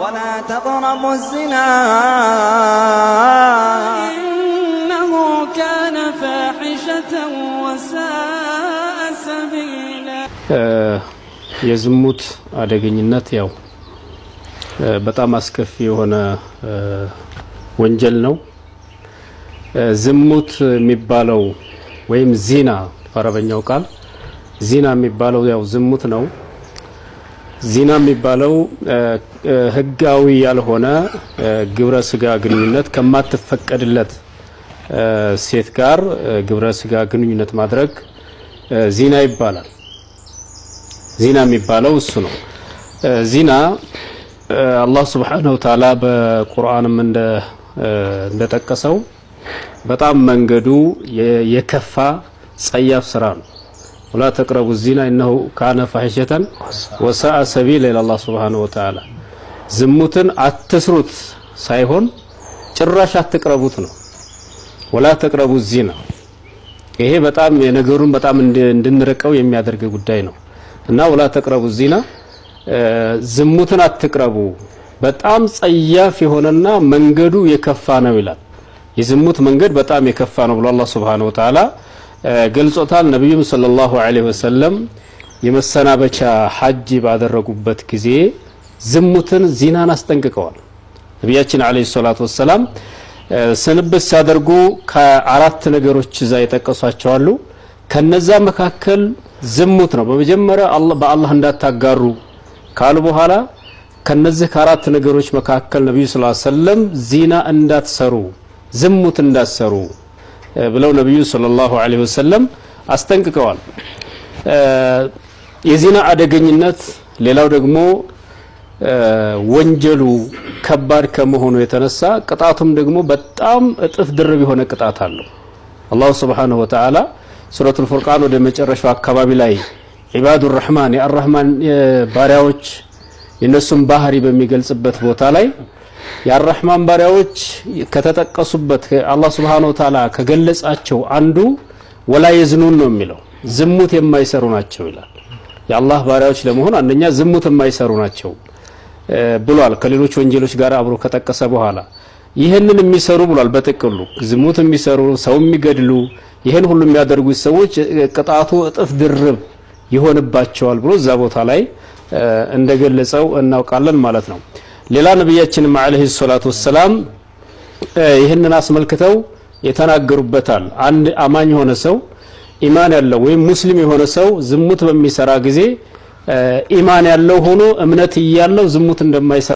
ولا تقربوا الزنا إنه كان فاحشة وساء سبيلا የዝሙት አደገኝነት ያው በጣም አስከፊ የሆነ ወንጀል ነው። ዝሙት የሚባለው ወይም ዚና በአረበኛው ቃል ዚና የሚባለው ያው ዝሙት ነው። ዚና የሚባለው ህጋዊ ያልሆነ ግብረ ስጋ ግንኙነት ከማትፈቀድለት ሴት ጋር ግብረ ስጋ ግንኙነት ማድረግ ዚና ይባላል። ዚና የሚባለው እሱ ነው። ዚና አላህ ሱብሓነሁ ወተዓላ በቁርአንም እንደ እንደጠቀሰው በጣም መንገዱ የከፋ ጸያፍ ስራ ነው። ወላ ተቅረቡ ዚና እነሁ ካነ ፋሒሸተን ወሳአ ሰቢል ይላል አላህ ወተዓላ። ዝሙትን አትስሩት ሳይሆን ጭራሽ አትቅረቡት ነው። ወላ ተቅረቡ ዚና ይሄ በጣም የነገሩን በጣም እንድንረቀው የሚያደርግ ጉዳይ ነው እና ወላ ተቅረቡ ዚና ዝሙትን አትቅረቡ በጣም ጸያፍ የሆነና መንገዱ የከፋ ነው ይላል። የዝሙት መንገድ በጣም የከፋ ነው ብሎ አላህ ሱብሓነሁ ወተዓላ ገልጾታል። ነቢዩም ሰለላሁ ዐለይሂ ወሰለም የመሰናበቻ ሐጅ ባደረጉበት ጊዜ ዝሙትን፣ ዚናን አስጠንቅቀዋል። ነቢያችን ዐለይሂ ሰላቱ ወሰላም ስንብት ሲያደርጉ ከአራት ነገሮች እዛ የጠቀሷቸው አሉ። ከነዛ መካከል ዝሙት ነው። በመጀመሪያ በአላህ እንዳታጋሩ ካሉ በኋላ ከነዚህ ከአራት ነገሮች መካከል ነቢዩ ሰለላሁ ዐለይሂ ወሰለም ዚና እንዳትሰሩ፣ ዝሙት እንዳትሰሩ ብለው ነቢዩ ሰለላሁ ዐለይሂ ወሰለም አስጠንቅቀዋል። የዜና አደገኝነት ሌላው ደግሞ ወንጀሉ ከባድ ከመሆኑ የተነሳ ቅጣቱም ደግሞ በጣም እጥፍ ድርብ የሆነ ቅጣት አለው። አላሁ ስብሓነሁ ወተዓላ ሱረቱል ፉርቃን ወደ መጨረሻው አካባቢ ላይ ዒባዱ ረሕማን የአራህማን ባሪያዎች የእነሱን ባህሪ በሚገልጽበት ቦታ ላይ የአረህማን ባሪያዎች ከተጠቀሱበት አላህ ስብሓነሁ ወተዓላ ከገለጻቸው አንዱ ወላ የዝኑን ነው የሚለው ዝሙት የማይሰሩ ናቸው ይላል። የአላህ ባሪያዎች ለመሆን አንደኛ ዝሙት የማይሰሩ ናቸው ብሏል። ከሌሎች ወንጀሎች ጋር አብሮ ከጠቀሰ በኋላ ይህንን የሚሰሩ ብሏል። በጥቅሉ ዝሙት የሚሰሩ ሰው የሚገድሉ ይህን ሁሉ የሚያደርጉት ሰዎች ቅጣቱ እጥፍ ድርብ ይሆንባቸዋል ብሎ እዛ ቦታ ላይ እንደገለጸው እናውቃለን ማለት ነው። ሌላ ነቢያችንም አለይሂ ሰላቱ ወሰላም ይህንን አስመልክተው የተናገሩበታል። አንድ አማኝ የሆነ ሰው ኢማን ያለው ወይም ሙስሊም የሆነ ሰው ዝሙት በሚሰራ ጊዜ ኢማን ያለው ሆኖ እምነት እያለው ዝሙት እንደማይሰራ